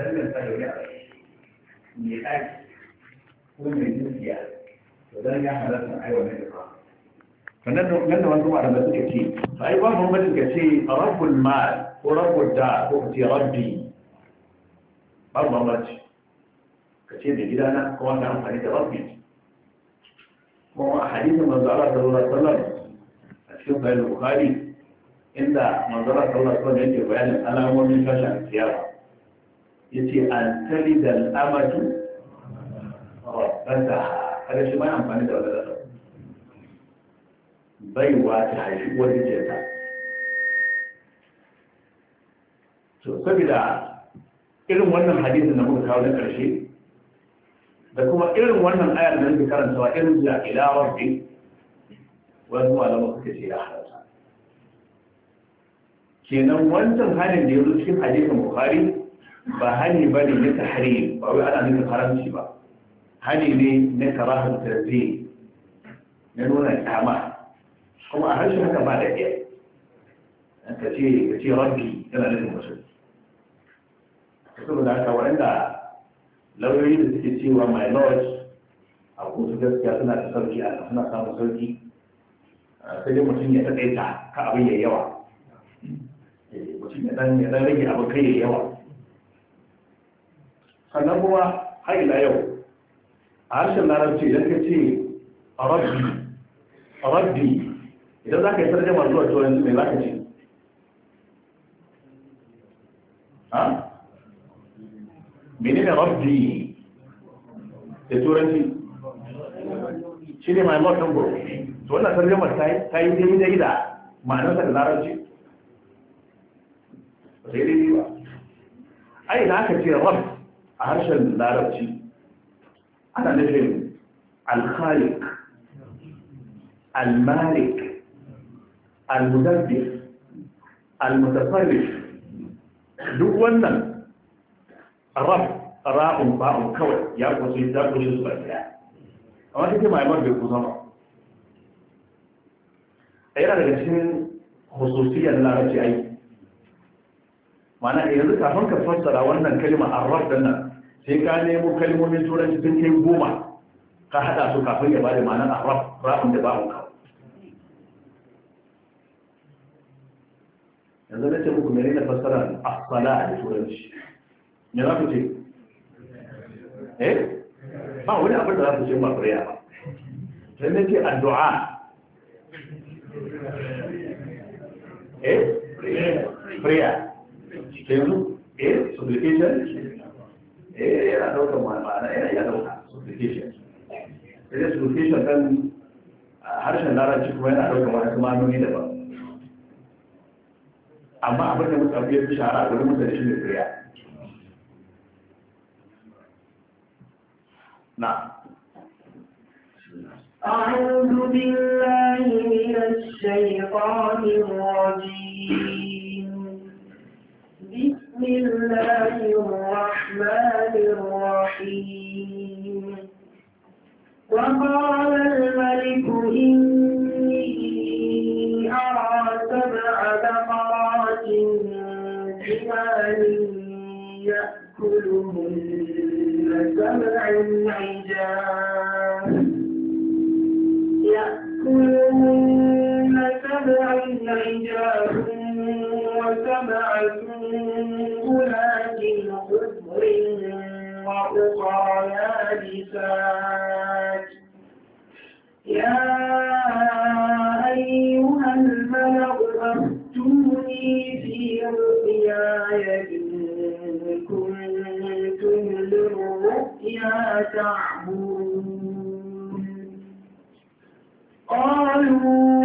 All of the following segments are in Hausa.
danganta da wani abu mai ɗaki ko mai dukiya to dan ya halatta ai wannan da sannan nan da wani kuma da suka ce to ai babu mutum ka ce rabbul mal ko rabbul da ko ka ce rabbi babu bambanci ka ce da gidana ko wanda amfani da rabbi kuma a hadisin manzo Allah sallallahu alaihi wasallam a cikin sahih bukhari inda manzo Allah sallallahu alaihi wasallam yake bayanin alamomin tashin kiyama yace an talida al'amatu rabbata kada shi mai amfani da wannan lafazi baiwa ta haifi uwar mijinta to saboda irin wannan hadisin da muka kawo na ƙarshe, da kuma irin wannan ayar da nake karantawa irin da ilawar rabbi wani malama suka ce ya haramta kenan wancan halin da ya zo cikin hadisin bukhari ba hani ba ne na tahrim ba wai ana nufin haramci ba hani ne na karahar tarbi na nuna kyama kuma a harshen haka ba da iya ka ce ka ce rabbi yana nufin mutum saboda haka waɗanda lauyoyi da suke cewa my lord a kotu gaskiya suna da sauki a suna samun sauki sai dai mutum ya taɗaita ka abin eh, ya yawa mutum ya ɗan rage abin kai ya yawa sannan kuma har ila yau a harshen larabci idan ka ce rabbi rabbi idan za ka yi sarjama zuwa turanci mai za ka ce ha ne rabbi da turanci shi ne mai morton bro to wannan sarjama ta yi daidai da ma'anar da larabci sai dai ba ai da aka ce rabbi a harshen larabci ana nufin alkhalik almalik almudabbir almutafarrif duk wannan rab ra'un ba'un kawai ya kusa ya kusa su ba A amma take mai mar bai kusa ba a yana daga cikin hususiyar larabci ai ma'ana yanzu kafin ka fassara wannan kalma arraf din nan sai ka nemo kalmomin turanci sun kai goma ka hada su kafin ya ba ma'anar arab rafin da babu kawo yanzu na ce muku na fassara asala da turanci ne za ku ce eh ba wani abin da za ku ce ma kuriya ba sai na ce addu'a eh ke yanzu eh supplication eh yana daukar ma'ana yana iya dauka supplication sai supplication kan harshen larabci kuma yana daukar wani ma'anoni daban amma abin da muka fiye fi shara, da rubuta shi ne prayer na أعوذ بالله من الشيطان الرجيم بسم الله الرحمن الرحيم وقال الملك إني أرى سبع بقرات جمال يأكلهن سبع عجاب يأكلهن سبع عجاب وسبع سنبلات خضر وأخرى يابسات يا أيها الملأ أفتوني في رؤياي إن كنتم للرؤيا تعبون قالوا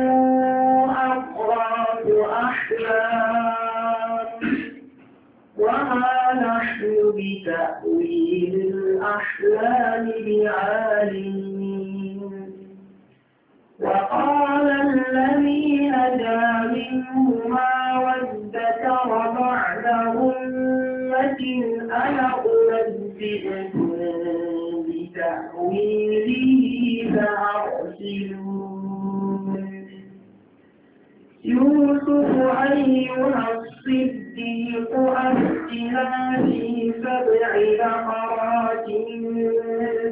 نحن بتأويل الأحلام بعالمين وقال الذي نجا منهما وادكر بعد أمة أنا أنبئكم بتأويله فأرسلون يوسف أيها الصدق الصديق أفتنا في سبع بقرات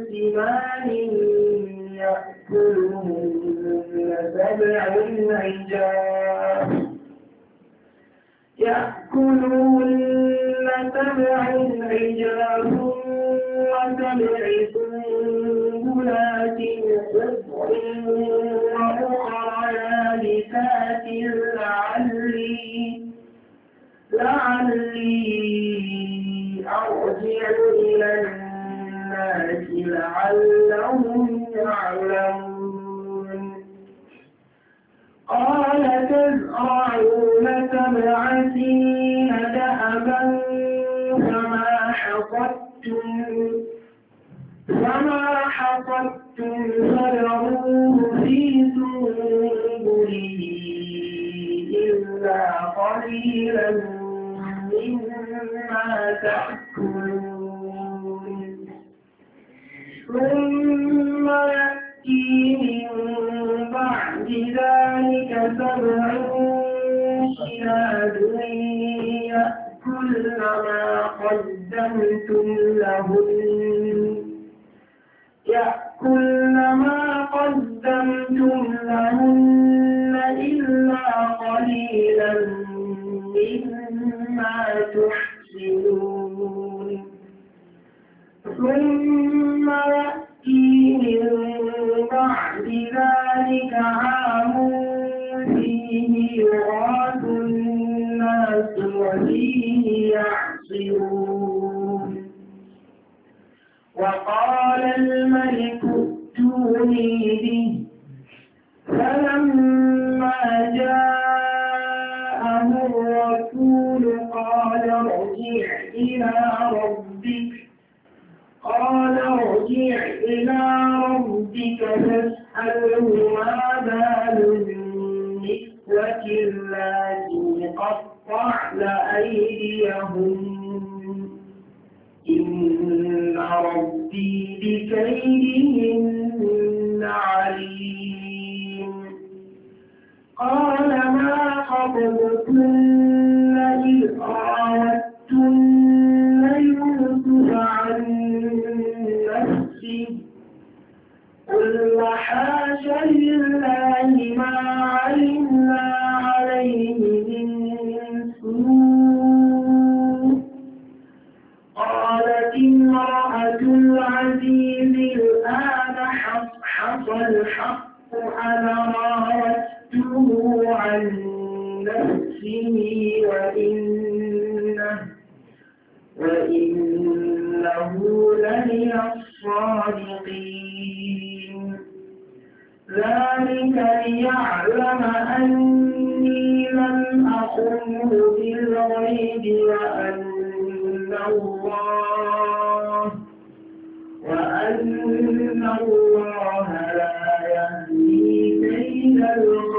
سمان يأكلهن سبع عجاف يأكلون سبع عجاب وسبع سنبلات خضر وأخرى يابسات تأكلون ثم يأتي من بعد ذلك سبع شهاد يأكلن ما قدمتم لهن يأكلن ما قدمتم لهن إلا قليلا مما تحبون ثم يأتي من بعد ذلك عام فيه يغاث الناس وفيه يعصرون وقال الملك ائتوني به فلما جاءه الرسول قال ارجع إلى ربك قال ارجع إلى ربك فاسأله بال النسوة التي قطعن أيديهن إن ربي بكيدهن عليم قال ما خطبتن إذ أردتن قل لله ما علمنا عليه من سوء قالت امرأة العزيز الآن حصل الحق أنا راودته عن نفسه وإنه وإنه لمن الصادقين ذلك ليعلم أني لم أخنه بالغيب وأن الله وأن الله لا يهدي كيد الغيب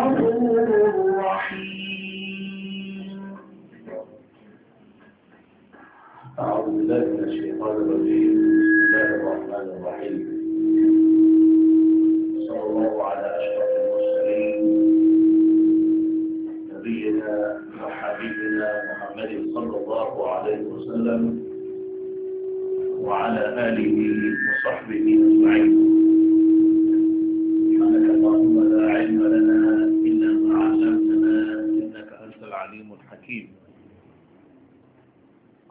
بسم الله الرحمن الرحيم الله على أشرف المرسلين نبينا وحبيبنا محمد صلى الله عليه وسلم وعلى آله وصحبه أجمعين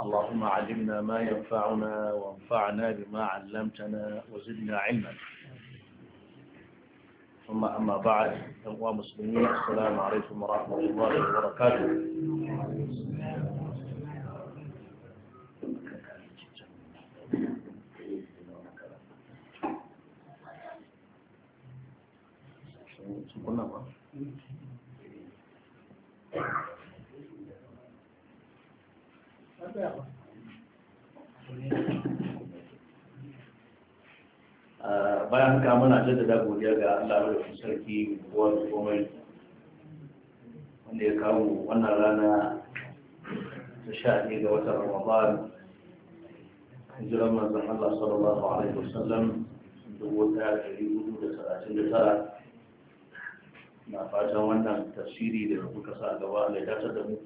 اللهم علمنا ما ينفعنا وانفعنا بما علمتنا وزدنا علما ثم أما بعد أبواء مسلمين السلام عليكم ورحمة الله وبركاته Thank you. bayan haka muna jaddada godiya ga Allah madaukakin sarki kowa komai wanda ya kawo wannan rana ta sha ɗaya ga watan Ramadan hijiran manzon Allah sallallahu alaihi wasallam dubu ɗaya ɗari hudu da talatin da tara na fatan wannan tafsiri da kuka sa gaba da dace da mu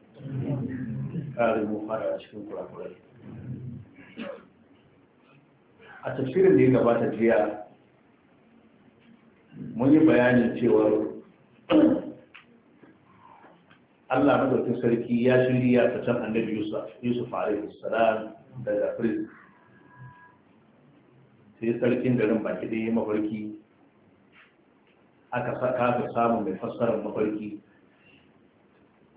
ƙarin mu fara a cikin kurakurai a tafsirin da ya gabata jiya mun yi bayanin cewar Allah madaukin sarki ya shirya ta can annabi Yusuf Yusuf alaihi salam daga prison sai sarkin garin baki da ya mafarki aka saka ka mai fassarar mafarki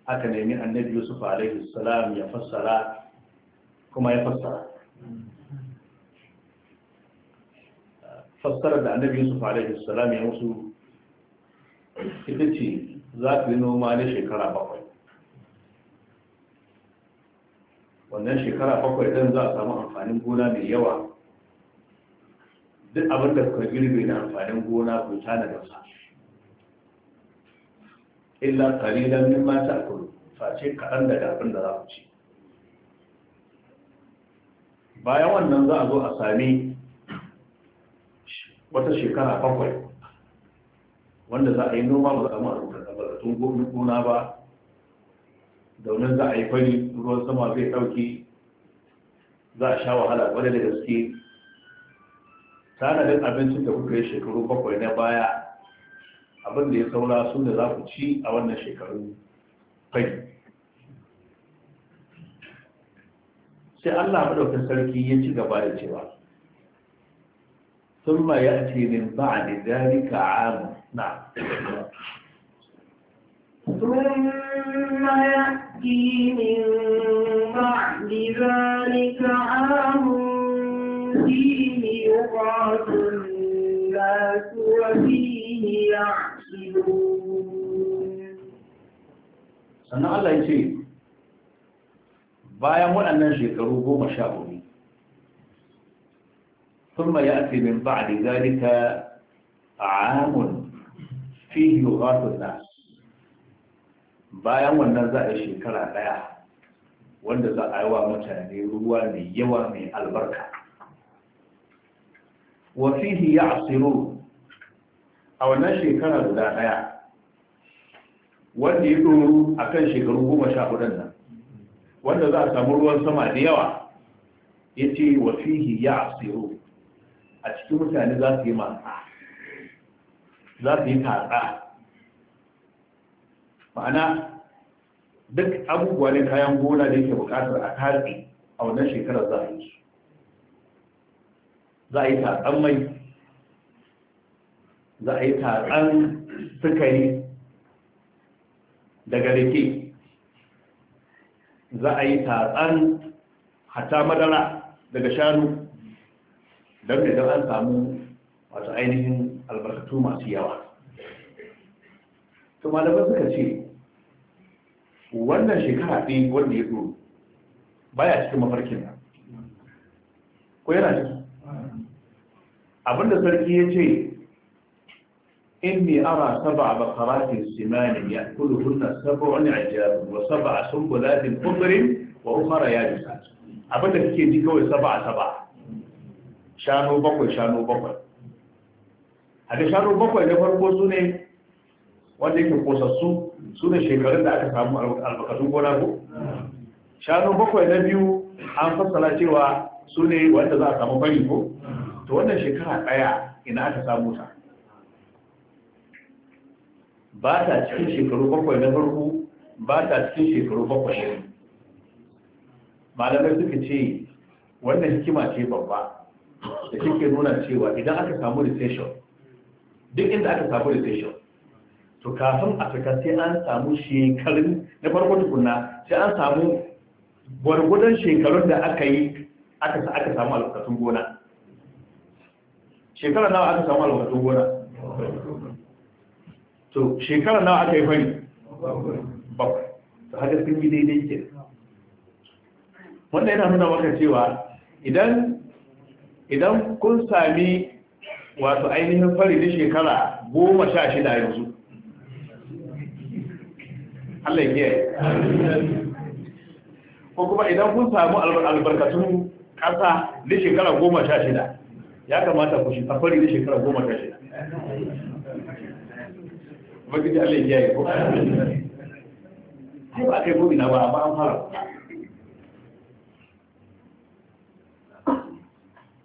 aka nemi annabi yusuf alaihi salam ya fassara kuma ya fassara fassara da annabi yusuf alaihi salam ya musu ita ce za ku yi noma na shekara bakwai wannan shekara bakwai ɗin za a samu amfanin gona mai yawa duk abin da kuka girbe na amfanin gona ku tana da sa illa qalilan ma ta'kulu face kadan da abin da za ku ci bayan wannan za a zo a sami wata shekara bakwai wanda za a yi noma ba za a marubuta tun gobe kuna ba domin za a yi fari ruwan sama zai ɗauki za a sha wahala wadda da gaske tanadin abincin da kuka yi shekaru bakwai na baya abin da ya saura sun da za ku ci a wannan shekaru kai sai Allah madaukakin sarki ya ci gaba da cewa ثم يأتي min بعد ذلك عام نعم sannan Allah ya ce bayan waɗannan shekaru goma sha hudu sun ya ce min ba a zalika a amun fihi yughatu nas bayan wannan za a yi shekara ɗaya wanda za a yi wa mutane ruwa mai yawa mai albarka wa fihi ya a wannan shekara guda ɗaya wanda ya doru a kan shekaru goma sha hudun nan wanda za a samu ruwan sama da yawa ya ce wa fihi ya asiru a cikin mutane za su yi matsa za su yi tatsa ma'ana duk abubuwa ne kayan gona da yake bukatar a tatsi a wannan shekarar za a yi za a yi tatsan mai za a yi tatsan sukari daga rike za a yi tatsan hatta madara daga shanu don da don an samu wasu ainihin albarkatu masu yawa to da suka ce wannan shekara ɗin wanda ya zo baya cikin mafarkin nan ko yana ce abinda sarki ya ce إني أرى سبع بقرات سمان يأكلهن سبع عجاب وسبع سنبلات خضر وأخرى يابسات أبدا كي دي سبع سبع شانو بقوي شانو بقوي هذا شانو بقوي نفرقو سنة wanda yake kosassu su ne shekarun da aka samu albarkatun gona ko shanu bakwai na biyu an fassara cewa su ne wanda za a samu bari ko to wannan shekara daya ina aka samu ta ba ta cikin shekaru bakwai na farko ba ta cikin shekaru bakwai malamai suka ce wannan hikima ce babba da take nuna cewa idan aka samu recession duk inda aka samu recession to kafin a fita sai an samu shekarun na farko tukuna sai an samu gwargwadon shekarun da aka yi aka samu albarkatun gona shekara nawa aka samu albarkatun gona to shekara na aka yi fari bakwai ta haka sun yi daidai ke wannan yana nuna maka cewa idan idan kun sami wato ainihin fari na shekara goma sha shida yanzu allai ya ko kuma idan kun samu albarkatun ƙasa na shekara goma sha shida ya kamata ku shi fari na shekara goma sha shida ubangiji Allah ya yi ko sai ba kai gobe na ba an fara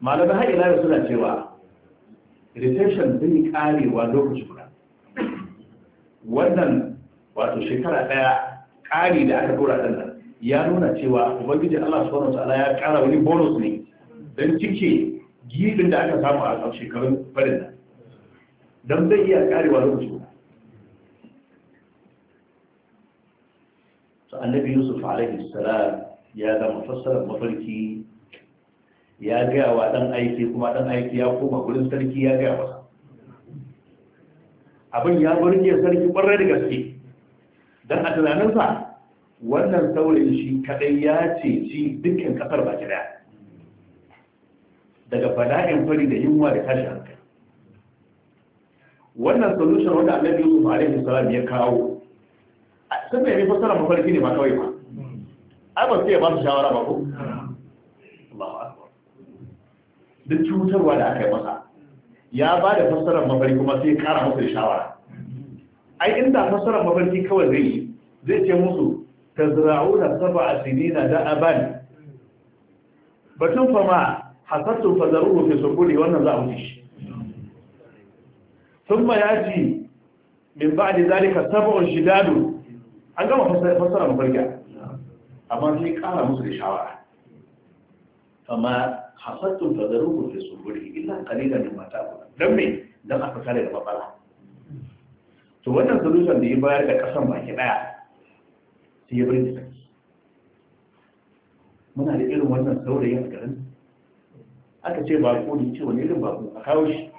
malamai har ila suna cewa retention yi karewa lokaci guda wannan wato shekara ɗaya kari da aka dora ɗan ya nuna cewa ubangiji Allah subhanahu wa ta'ala ya ƙara wani bonus ne don cike gidin da aka samu a shekarun farin nan don zai iya karewa lokaci annabi yusuf alaihi salam ya zama mafassarar mafarki ya gaya wa dan aiki kuma dan aiki ya koma gurin sarki ya gaya masa abin ya burge sarki ɓarre da gaske don a tunaninsa wannan saurin shi kadai ya ce shi dukkan kasar baki ɗaya daga bala'in fari da yunwa da tashi hankali wannan solution wanda annabi yusuf alaihi salam ya kawo sun mai nufin sanar mafarki ne ba kawai ba ai ba sai ya ba su shawara ba ko duk cutarwa da aka yi masa ya ba da fassarar mafarki kuma sai ya kara musu da shawara ai inda fassarar mafarki kawai zai yi zai ce musu ta zira'u da saba a sinina da aban batun fama hasattun fazaruhu fi sukuri wannan za a wuce shi sun ma yaji min ba da zalika saba'un shidadu an gama fassara mafarka, amma sai kara musu da shawara amma hasattun fadaruhu su suburi illa qalilan mata ku dan me dan aka kare da matsala to wannan solution da ya bayar da kasan baki daya sai ya bari ta muna da irin wannan saurayin a garin aka ce bako ne ce wani irin ku a kawo shi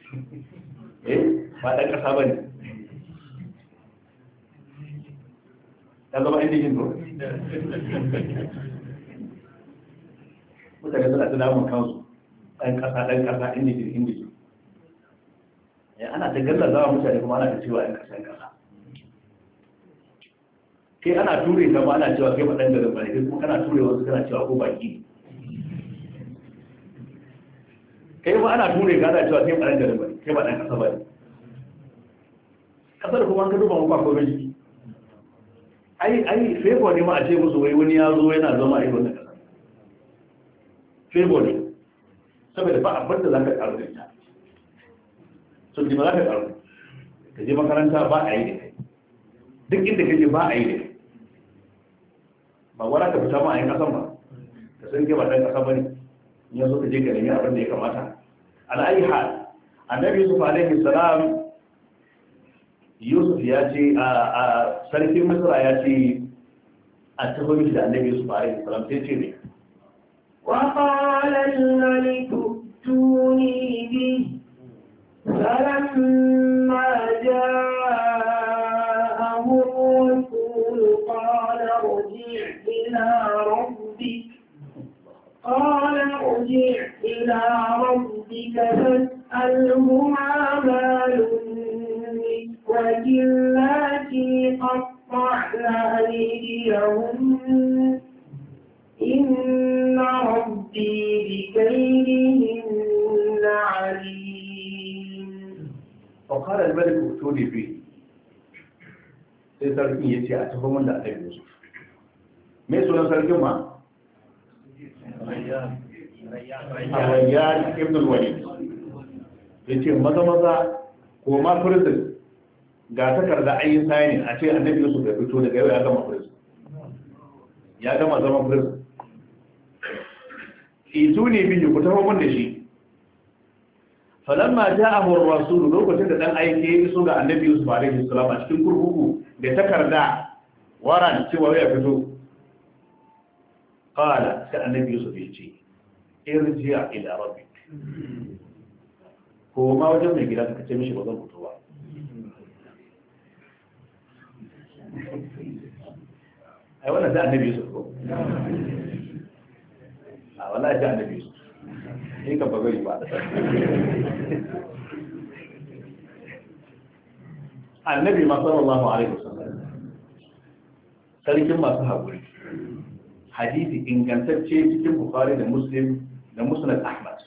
eh ba dan kasa bane ya zama inda hindu mutane suna da damun kansu ɗan ƙasa ɗan ƙasa inda ke inda ke ya ana ta galla zama mutane kuma ana ta cewa ɗan ƙasa ɗan ƙasa kai ana ture ta ba ana cewa kai ba ɗan garin ba ne kuma kana ture wasu kana cewa ko baki kai ba ana ture ka ana cewa kai ba ɗan garin ba kai ba ɗan ƙasa ba ne ƙasar kuma an ka duba mu ba komai ai ai favor ne ma a ce musu wai wani ya zo yana zama ai wannan kasa favor ne saboda ba abin da ka karu da ita so ba ka karu ka je makaranta ba a yi da kai duk inda ka kake ba a yi da kai ba wala ka fita ma a yi kasan ba ka san ke ba dan kasa bane in yanzu ka je ka nemi abin da ya kamata ala ayi hal annabi yusuf alaihi salam yusuf ya ce a sarkin misra ya ce a tafi da annabi yusuf a yin salam ce ne وقال الملك ائتوني به فلما جاءه قال ارجع إلى ربك فاسأله ما بال النسوة التي قطعن أيديهن إن ربي بكيدهن عليم فقال الملك ائتوني به sai sarkin ya ce a tafi wanda a tafi yusuf mai sunan sarkin ma a rayyan ibn walid ya ce maza maza ko ma prison ga takarda an yi sayanin a ce annabi yusuf ya fito daga yau ya gama prison ya gama zama prison itu ne biyu ku taho mun da shi falamma ja'ahu ar-rasul lokacin da dan aike ya iso ga annabi yusuf alaihi salam a cikin kurkuku da takarda waran cewa ya fito qala sai annabi yusuf ya ce irji' ila rabbik ko ma wajen mai gida ka ce mishi ba zan fito ba ai wannan sai annabi Yusuf ko a wani sai annabi Yusuf in ka bagari ba annabi ma sallallahu alaihi wasallam sarkin masu haƙuri hadisi ingantacce cikin bukhari da muslim da musnad ahmad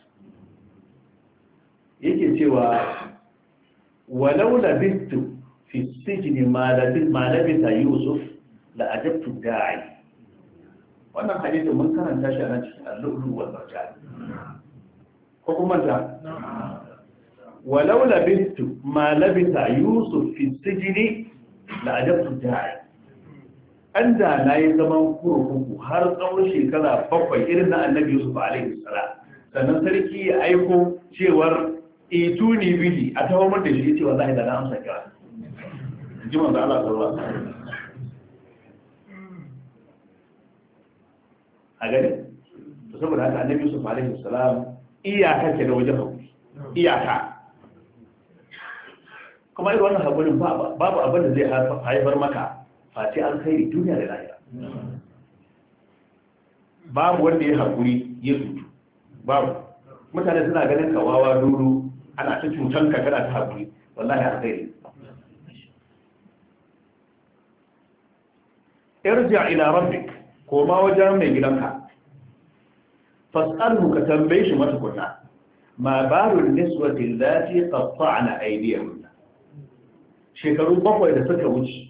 yake cewa walau labistu fi sijini malabisa yusuf la ajabtu da'i wannan hadisin mun karanta shi a nan cikin al-lu'lu wal marjan ko kuma ta walau labistu ma labisa yusuf fi sijini la ajabtu da'i an da na yi zaman kurkuku har tsawon shekara bakwai irin na annabi yusuf alaihi salam sannan sarki ya aiko cewar ituni bili a tawamar da shi cewa za a yi da na amsa kira in ji Allah sallallahu alaihi wasallam a gani to saboda haka annabi Yusuf alaihi salam iyaka ke da wajen hakuri iyaka kuma irin wannan hakurin babu abin da zai haifar maka fati face alkhairi duniya da lahira babu wanda ya hakuri ya cutu babu mutane suna ganin kawawa duru ana ta cutan ka kana ta hakuri wallahi alkhairi irja ila rabbik koma wajen mai gidanka fas'alhu ka tambaye shi matukunna ma barul niswati allati qatta'na aydiyahunna shekaru bakwai da suka wuce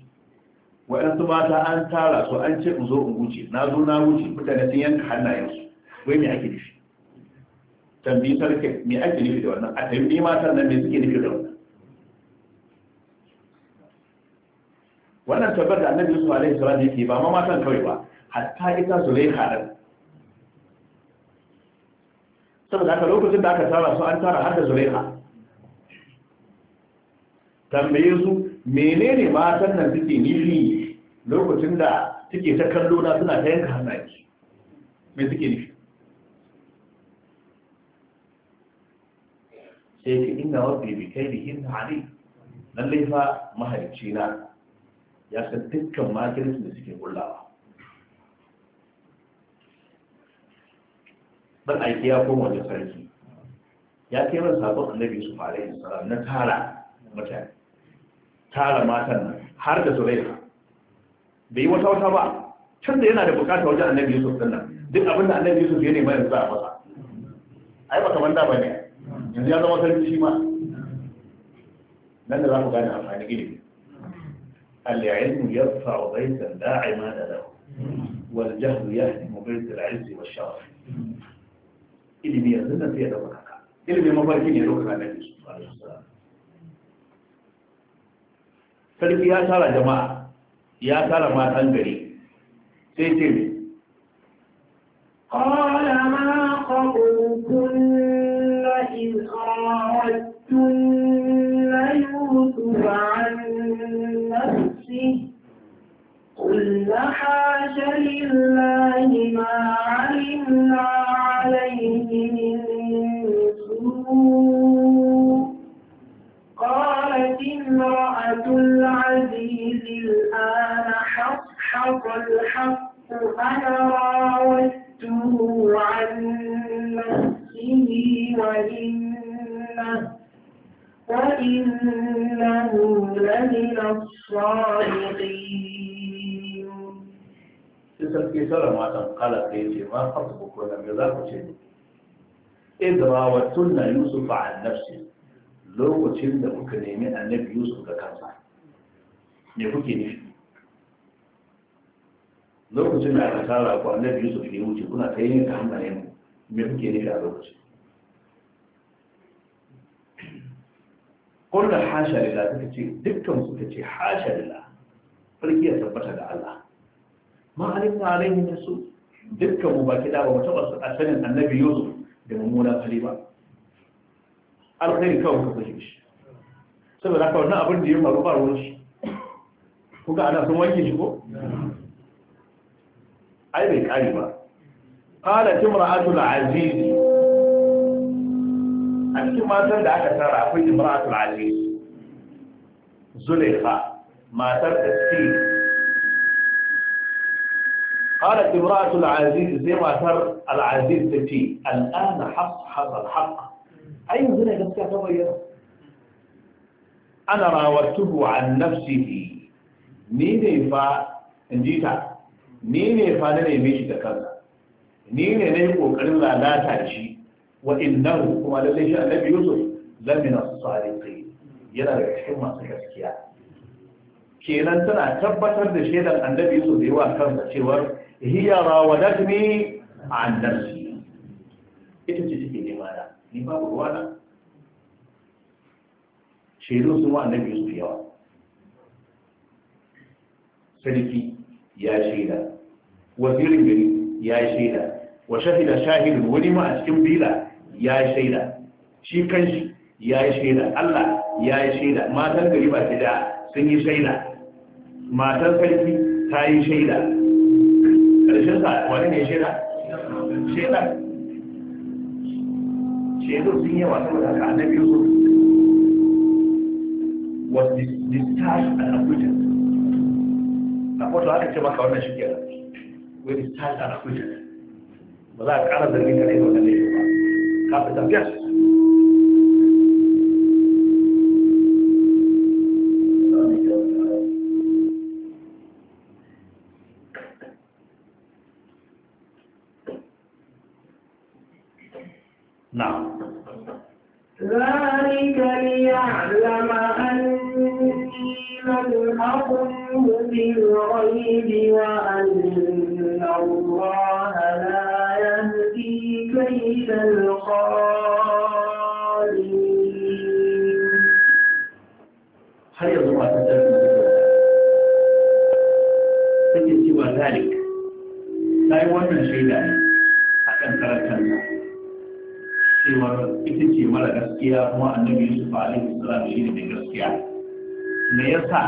waɗansu mata an tara su an ce in zo in wuce na zo na wuce mutane sun yanka hannayensu wai me ake nufi tambayi sarki me ake nufi da wannan a tambayi mata nan me suke nufi da wannan wannan tabbar da annabi su alaihi salatu yake ba ma matan kawai ba hatta ita zulaikha din saboda haka lokacin da aka tara su an tara har da zulaikha tambaye su menene matan nan suke nifi? lokacin da suke ta kallo na suna ta yanka hannaye me suke nifi? sai ka inna rabbi kai kaidihin alim lallai fa mahalicci na ya san dukkan makircin da suke kullawa ban aiki ya koma wajen sarki ya kai masa sabon annabi su fara yin tsara na tara mutane tara matan har da zuraiha bai yi wata wata ba can da yana da bukata wajen annabi yusuf din nan duk abin da annabi yusuf ya nema yanzu za a masa ai ba kamar da ba ne yanzu ya zama sarki shi ma nan da za mu gane amfani ilimi العلم يرفع بيتا لا عماد له والجهل يهدم بيت العز والشرف اللي بيظن في هذا المكان اللي بيمبركين يروح على النبي صلى الله عليه وسلم فلكي يا ترى جماعة يا سارة ما تنبري سي قال ما قبلكن إن أردتن قل حاج لله ما علمنا عليه من سوء قالت امرأة العزيز الآن حق الحق أنا راودته عن نفسه وإنه وإنه لمن الصادقين sarki sauran matan kala sai ce ma fasu ko na me za ku ce ne idrawatun na yusuf an nafsi lokacin da kuka nemi annabi yusuf ga kansa me kuke nufi lokacin da aka tara ku annabi yusuf ne wuce kuna ta yin ka hannayen me kuke nufi a lokacin kullu hasha lillah suka ce dukkan suka ce hasha lillah farki ya tabbata da Allah ma alimna alaihi min su dukkan mu baki da ba mu taba sanin annabi Yusuf da mummuna fari ba alkhairi kawai ka fashe shi saboda haka wannan abin da ya faru ba ruwan shi kuka ana sun wanke shi ko ai bai kare ba qala timra'atul azizi a cikin matan da aka tara akwai imratul aziz zulaiha matar tasir قالت امرأة العزيز زي ما تر العزيز تتي الآن حق حق الحق أي هنا قد تغير أنا راودته عن نفسه نيني فا نجيتا نيني فا نيني ميشي تكذا نيني نيكو قرن لا لا تنشي wa innahu kuma lalle shi annabi yusuf lamina sadiqi yana da cikin masu gaskiya kenan tana tabbatar da shaidar annabi yusuf da yawa kansa cewar hiya rawadatni an nafsi ita ce take nema da ni babu ruwa na shaidun sun wa annabi yusuf yawa sarki ya shaida wazirin gari ya shaida wa shahida shahidin wani ma a cikin bila ya yi shaida shi kanshi ya yi shaida Allah ya yi shaida matan gari ba ta da sun yi shaida matan sarki ta yi shaida ƙarshen sa wani ne shaida shaida shaidu sun yi wasu da haka annabi su was discharged and acquitted a kwato aka ce maka wannan shi kenan we discharged and acquitted ba za a ƙara zargin ka da irin wannan laifin ba ka fita fiyas ita ce mara gaskiya kuma annabi yusuf alaihi salam ya yi da gaskiya me yasa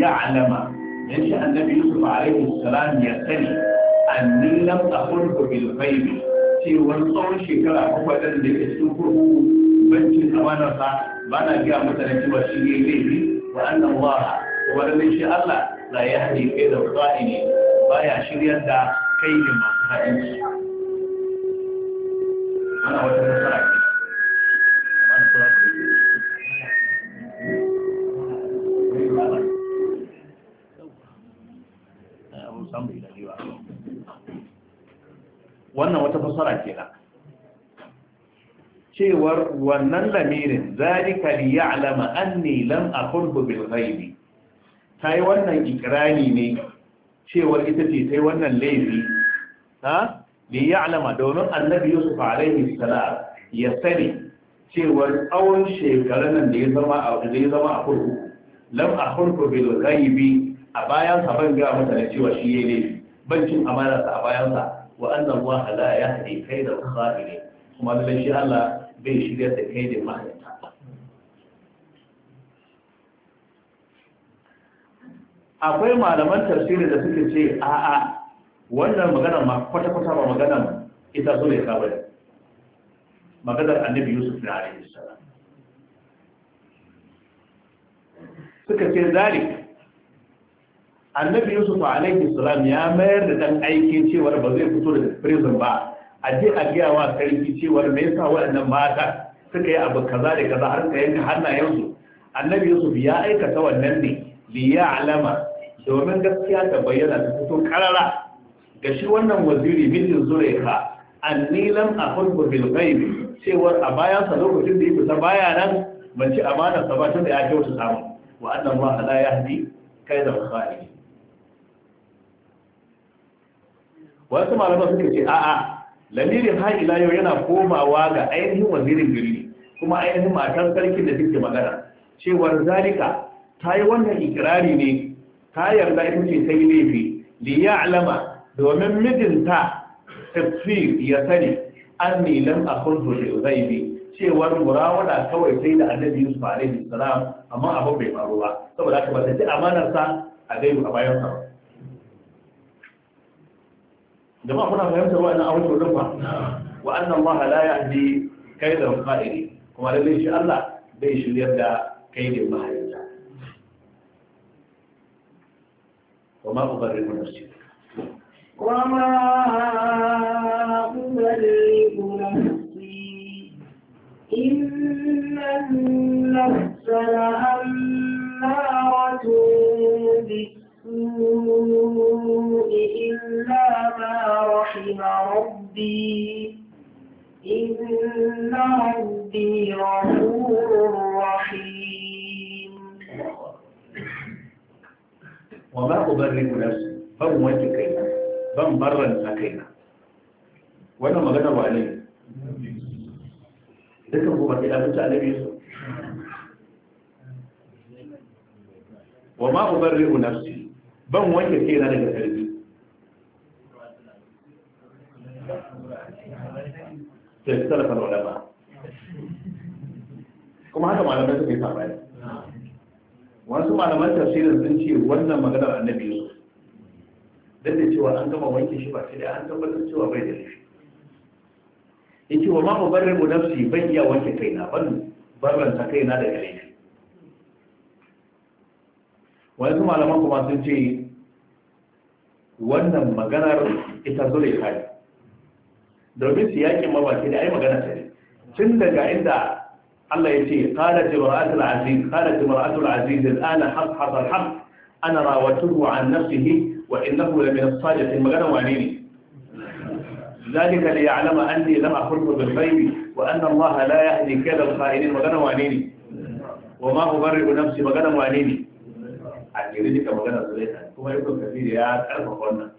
ya alama dan shi annabi yusuf alaihi salam ya sani annin lam aqulu bil ghaib cewa tsawon shekara bakwai da da ke cikin kurkuku bancin amanarsa ba na gaya mutane cewa shi ne laifi wa annan wa wa shi Allah la ya hadi kai da ne baya shiryar da kai ne masu haɗin ana wata nasara wannan wata fasara nan. cewar wannan lamirin zalika li ya'lama anni lam aqul bil ghaibi tai wannan ikrani ne cewar ita ce tai wannan laifi ha li ya'lama domin annabi yusuf alaihi salam ya sani cewar tsawon shekarun nan da ya zama a da ya zama a kurku lam aqul bil ghaibi a bayan sa ban ga mutane cewa shi yayi laifi ban cin amana sa a bayan sa wa annan Allah ya haɗe kai da ne, kuma da shi Allah bai shirya da kai da mahaita akwai malaman tafsiri da suke ce a'a wannan magana ma kwata-kwata ba magana ita zo ne kawai maganar annabi yusuf na alaihi salam suka ce zalik annabi yusuf alaihi salam ya mayar da dan aiki cewar ba zai fito da prison ba a je a gaya wa sarki cewar me yasa waɗannan mata suka yi abu kaza da kaza har ka yanka hannayensu annabi yusuf ya aikata wannan ne li ya'lama domin gaskiya ta bayyana ta fito karara ga shi wannan waziri mijin Zuraika, anni lam bil ghaib cewar a bayan sa lokacin da ya fita baya nan ban ci amana sa ba tunda ya kyautu samu wa anna allaha la yahdi kaidal khaliqin wasu malaman suka ce a'a lamirin har yau yana komawa ga ainihin wazirin birni kuma ainihin matan sarkin da take magana cewar zalika ta yi wannan ikirari ne ta yarda ita ce ta yi laifi li ya alama domin mijinta tafsir ya sani an nilan a kuntu da zaibi cewar murawada kawai sai da annabi yusuf alaihi salam amma abin bai faru ba saboda haka ba ta ji amanarsa a gaibu a bayan sa ba جماعة هنا فهمت هو أنا أول شرفة وأن الله لا يهدي كيد الخائرين وما لدي شاء الله بيش اللي يبدأ كيد الله يرجع وما أبرر نفسي وما أبرر إن النفس لأمارة بالسوء ما رحم ربي إن ربي غفور رحيم وما أبرئ نفسي فموت كينا بم برا كينا وانا ما قدر وعليه لكن هو مثل أبو تعالي وما أبرئ نفسي بم وجه كينا لك الفرزين da salafa ba. kuma haka malamai suka yi sabani wasu malaman tafsirin sun ce wannan maganar annabi yusuf duk da cewa an gama wanke shi ba sai an tabbatar cewa bai da laifi Ya ce wa ma ubarru nafsi ban iya wanke kaina ban barranta kaina da laifi wasu malaman kuma sun ce wannan maganar ita zule kai domin su yakin mabaki da ai magana ta ne tun daga inda Allah ya ce qalat imra'atul aziz qalat imra'atul aziz al'ana haqqa al-haqq ana rawatuhu an nafsihi wa innahu la min as-sadiqin magana wane ne zalika li ya'lama anni lam akhulqu bil ghaibi wa anna Allah la yahdi kayda al-kha'inin magana wane ne wa ma ubarri'u nafsi magana wane ne a gari duka magana zulaika kuma ibn kafir ya karfafa wannan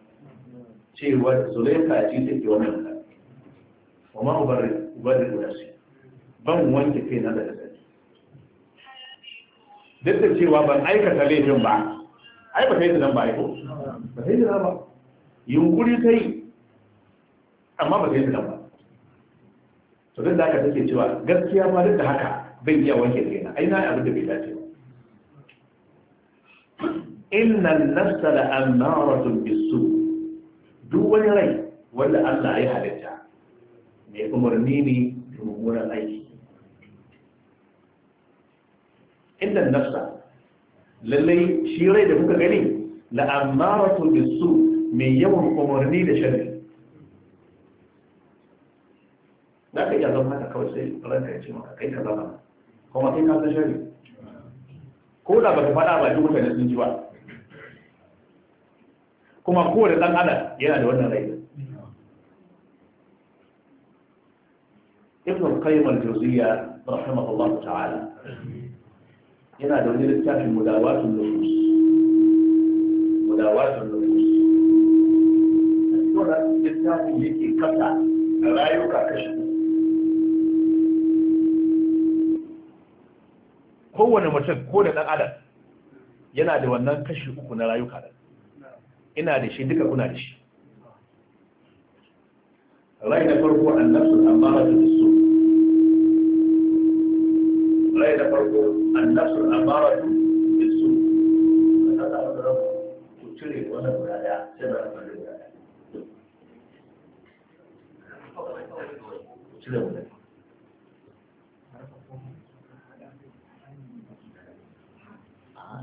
cewa zulaika ce take wannan wa ma ubarri ubarri nafsi ban wanke kai na daga sani duk da cewa ban aikata laifin ba ai ba kai nan ba ai ko ba kai zinan ba yunkuri kai amma ba kai zinan ba to duk da haka take cewa gaskiya ma duk da haka bai iya wanke kaina ai na abin da bai dace ba innan nafsa la amaratun bisu duk wani rai wanda Allah ya halitta mai umarni ne da mummunan aiki inda nafsa lallai shi rai da kuka gani la'amaratu su mai yawan umarni da shari'a za ka iya zama haka kawai sai ranka ya ce maka kai ka zama kuma kai ka san shari ko da ba ka faɗa ba duk mutane sun ji ba kuma kowane ɗan adam yana da wannan rai القيم الجوزية رحمه الله تعالى هنا دولي في مداواة النفوس مداواة النفوس السورة للتاف يكي كفا لا يوكا كشف kowane mutum ko da yana da wannan kashi uku na rayuka da ina da shi duka kuna da shi rai na farko annabtu amma da su annafsul amaratu bisu ka da cire guda sai da guda cire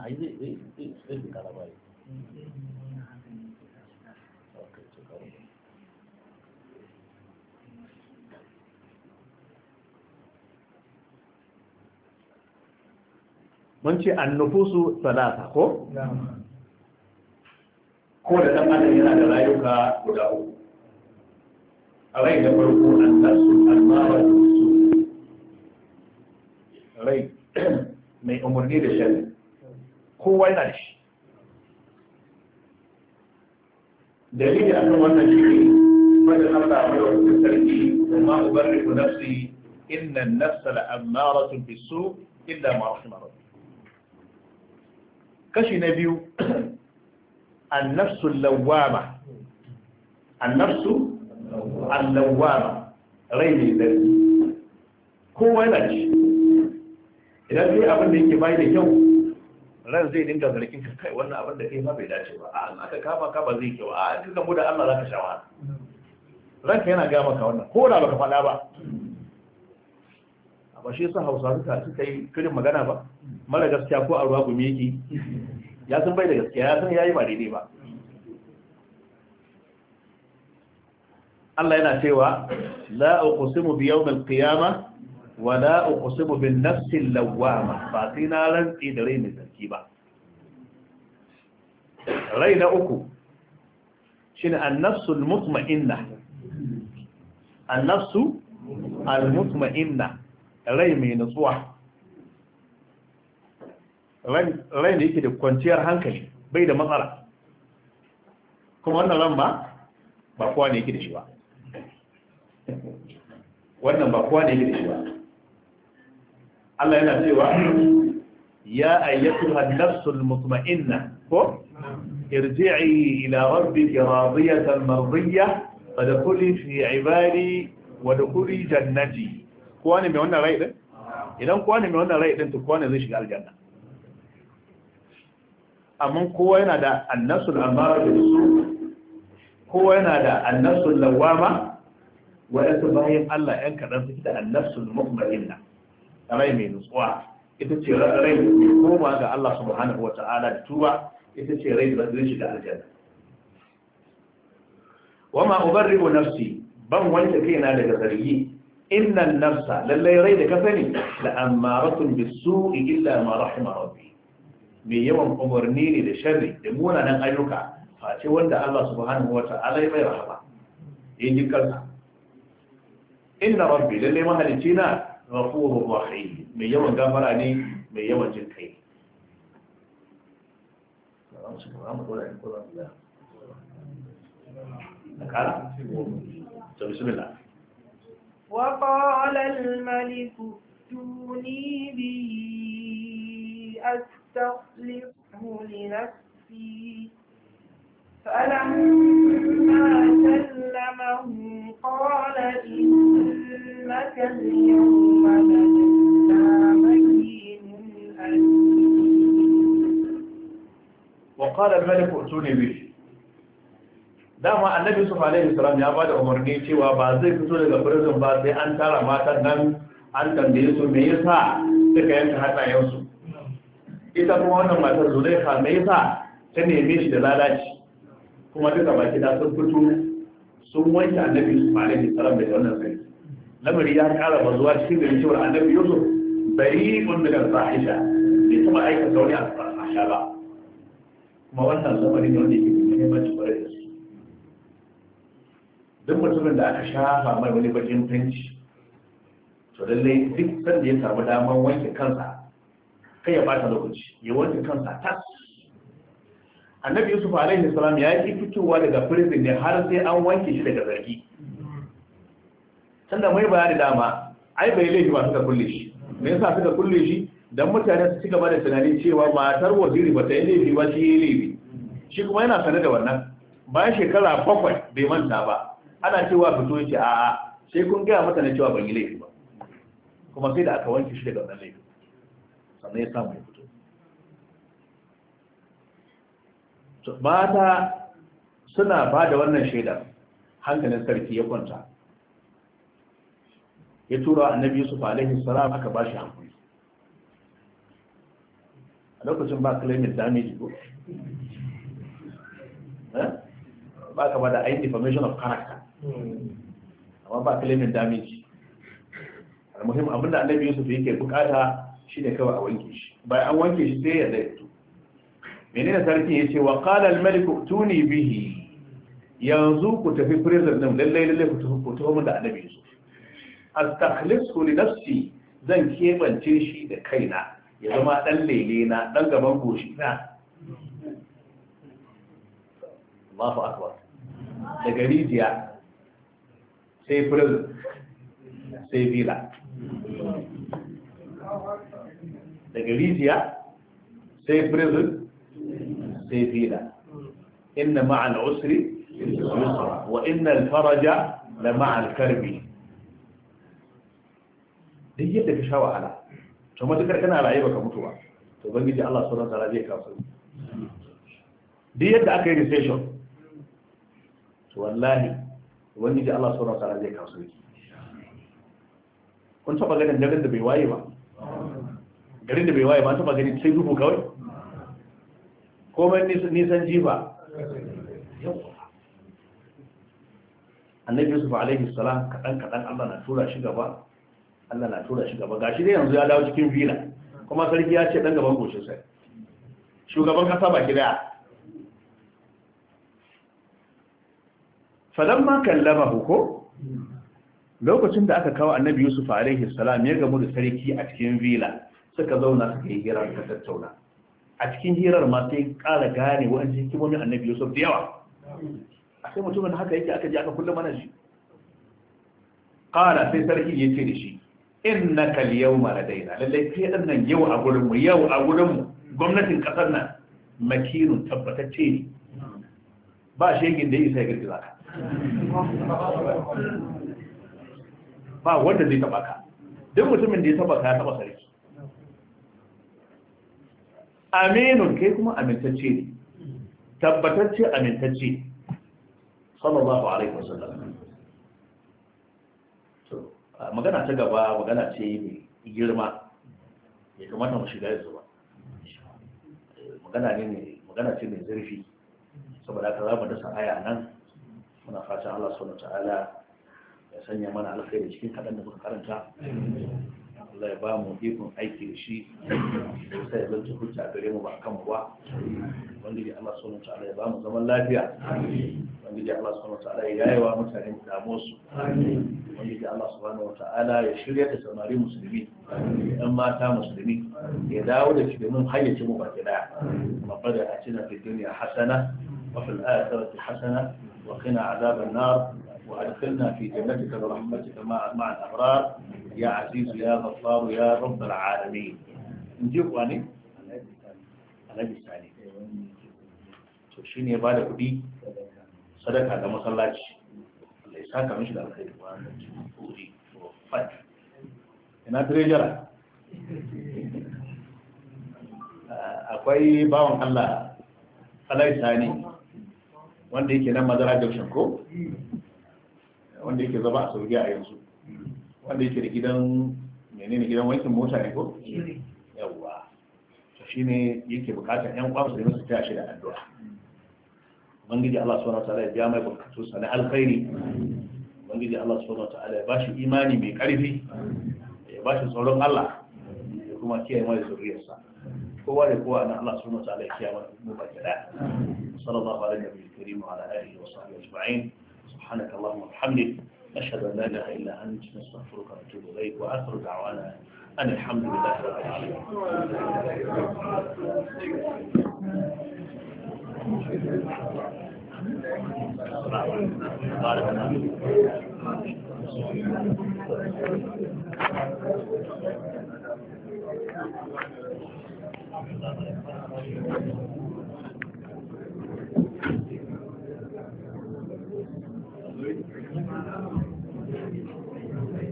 a zai zai zai zai من شيء النفوس ثلاثة خو خو ده ما تيجي على رأيك وداو رأي دبر كون النفس المارة رأي ما أمرني رجال خو وين عليش دليل أنه ما نجيه ما دخلت على رأيك وما أبرك نفسي إن النفس لأمارة بالسوء إلا ما رحم ربي kashi na biyu annafsu lawwama annafsu lawwama rai mai zargi kowa yana ci idan zai abin da yake bai da kyau ran zai dinga zargin ka kai wannan abin da kai ma bai dace ba a aka kama ka ba zai kyau a duka mu da Allah zaka shawara ranka yana ga maka wannan ko da baka faɗa ba ba shi yasa hausa suka suka yi kirin magana ba mara gaskiya ko a ruwa gumi yake ya san bai da gaskiya ya san yayi ba daidai ba Allah yana cewa la uqsimu bi yawm al-qiyamah wa la uqsimu bin nafs al-lawwama ba sai na rantsi da rai mai tsarki ba rai na uku shine an-nafs al-mutma'inna an-nafs al-mutma'inna rai mai nutsuwa. rai da yake da kwanciyar hankali bai da matsala kuma wannan ran ba kowa ne yake da shi ba wannan ba kowa ne yake da shi ba Allah yana cewa ya ayyatu an-nafsul mutma'inna ko irji'i ila rabbika radiyatan mardiyya fadkhuli fi 'ibadi wadkhuli jannati kowa ne mai wannan rai din idan kowa ne mai wannan rai din to kowa ne zai shiga aljanna amma kowa yana da annasul amara da su kowa yana da annasul lawama waɗansu bayan Allah ‘yan kaɗan suke da annasul mu'minna rai mai nutsuwa ita ce rai mai koma ga Allah subhanahu wa ta'ala da tuba ita ce rai da zai shiga aljanna wama ubarri'u nafsi ban wanke kaina daga zargi innan nafsa lallai rai da ka sani la amaratun bisu'i illa ma rahima rabbi mai yawan umarni ne da sharri da munanan ayyuka face wanda Allah subhanahu wa ta'ala ya mai rahama yin jikarsa inna rabbi lallai mahalicci na ghafurur rahim mai yawan gafara ne mai yawan jin kai da kara? bismillah وقال الملك ائتوني به أستخلصه لنفسي فلما سلمه قال إنك اليوم لدينا مكين أمين وقال الملك ائتوني به dama annabi su alaihi salam ya bada umarni cewa ba zai fito daga prison ba sai an tara matan nan an tambaye su me yasa suka yanka yau su ita kuma wannan matar Zulaiha me yasa ta neme shi da lalaci kuma duka baki da sun fito sun wanke annabi su alaihi salam da wannan sai lamari ya kara bazuwa cikin garin cewa annabi yusuf bari'un min al-fahisha bai taba aikata wani a fahisha ba kuma wannan lamari ne wanda yake da muhimmanci kwarai da su duk mutumin da aka shafa mai wani bakin fenci to lallai duk sanda ya samu damar wanke kansa kai ya bata lokaci ya wanke kansa tas annabi yusuf alaihi salam ya yi fitowa daga prison ne har sai an wanke shi daga zargi sanda mai bayani dama ai bai laifi ba suka kulle shi me yasa suka kulle shi dan mutane su ci gaba da tunanin cewa matar waziri ba ta yi laifi ba shi yi laifi shi kuma yana sanar da wannan bayan shekara bakwai bai manta ba ana cewa fito ya ce a'a sai kun gaya mata na cewa ban yi laifi ba kuma sai da aka wanke shi daga wannan laifi sannan ya samu ya fito mata suna ba da wannan shaidar hankalin sarki ya kwanta ya tura annabi yusuf alaihi salam aka ba shi hankali a lokacin ba claiming damage ko eh? ba ka ba da information of character amma ba claiming damage almuhim abin da annabi yusuf yake bukata shi ne kawai a wanke shi Bai an wanke shi sai ya zai to menene sarki ya ce wa qala al malik tuni bihi yanzu ku tafi prison din lalle lalle ku tafi ku tafi da annabi yusuf astakhlisu li nafsi zan kebance shi da kaina ya zama dan lele na dan gaban goshi na Allahu akbar daga rijiya sai prison sai villa daga rijiya sai prison sai villa inna ma'al usri yusra wa inna al-faraja la ma'al karbi duk yadda ka sha wahala to matukar kana raye baka mutu ba to bangiji Allah subhanahu wa ta'ala zai kafa duk yadda aka yi recession wallahi ubangiji Allah subhanahu wataala zai kasu sauki kun taba ganin garin da bai waye ba garin da bai waye ba taba ganin sai duhu kawai komai nisan jifa annabi yusuf alaihi salam kadan kadan Allah na tura shi gaba Allah na tura shi gaba gashi dai yanzu ya dawo cikin villa kuma sarki ya ce dan gaban goshin sai shugaban kasa ba gida falamma kallamahu ko lokacin da aka kawo annabi yusuf alaihi salam ya gamu da sarki a cikin villa suka zauna suka yi hira ta tattauna a cikin hirar ma sai ƙara gane wa'ansu hikimomin annabi yusuf da yawa a sai mutumin haka yake aka ji aka kullum mana shi ƙara sai sarki ya ce da shi inna kal yau mara daina lallai kai ɗan nan yau a mu, yau a mu, gwamnatin ƙasar nan makinun tabbatacce ne ba shegin da ya isa ya girgiza ka ba wanda zai taba ka duk mutumin da ya taba ka ya taba sarki aminun kai kuma amintacce ne tabbatacce amintacce sallallahu alaihi wasallam to magana ta gaba magana ce mai girma ya kamata mu shiga yanzu ba magana ne magana ce mai zurfi saboda ka za mu dasa aya nan muna fatan Allah subhanahu ta'ala ya sanya mana alkhairi cikin kaɗan da muka karanta Allah ya ba mu ikon aiki da shi sai ya zanta hujja a gare mu ba kan kuwa wanda Allah subhanahu ta'ala ya ba mu zaman lafiya wanda Allah subhanahu ta'ala ya yayewa mutane da damu su wanda Allah subhanahu ta'ala ya shirya da samari musulmi ɗan mata musulmi ya dawo da shi domin hayyace mu ba baki daya mabada a cikin duniya hasana wa fil akhirati hasana وقنا عذاب النار وأدخلنا في جنتك ورحمتك مع مع الأبرار يا عزيز يا غفار يا رب العالمين نجيب واني أنا اجي بساني شنو بعد كذي صدق هذا مصلاج الله يسألك مش لا خير وانا فج إن أدري جرا اقوي آه، باون الله الله يساني wanda yake nan madara junction ko wanda yake zama a saudiya a yanzu wanda yake da gidan menene gidan wankin mota ne ko yawwa shi ne yake bukatar yan kwamsa da su ta shi da addu'a ubangiji Allah subhanahu wataala ya biya mai bukatu sani alkhairi ubangiji Allah subhanahu wataala ya bashi imani mai karfi ya bashi tsoron Allah ya kuma kiyaye mai zuriyarsa هو هو أن الله سبحانه وتعالى كيامة مبجلة صلى الله على النبي الكريم وعلى آله وصحبه أجمعين سبحانك اللهم وبحمدك أشهد أن لا إله إلا أنت نستغفرك ونتوب إليك وآخر دعوانا أن الحمد لله رب العالمين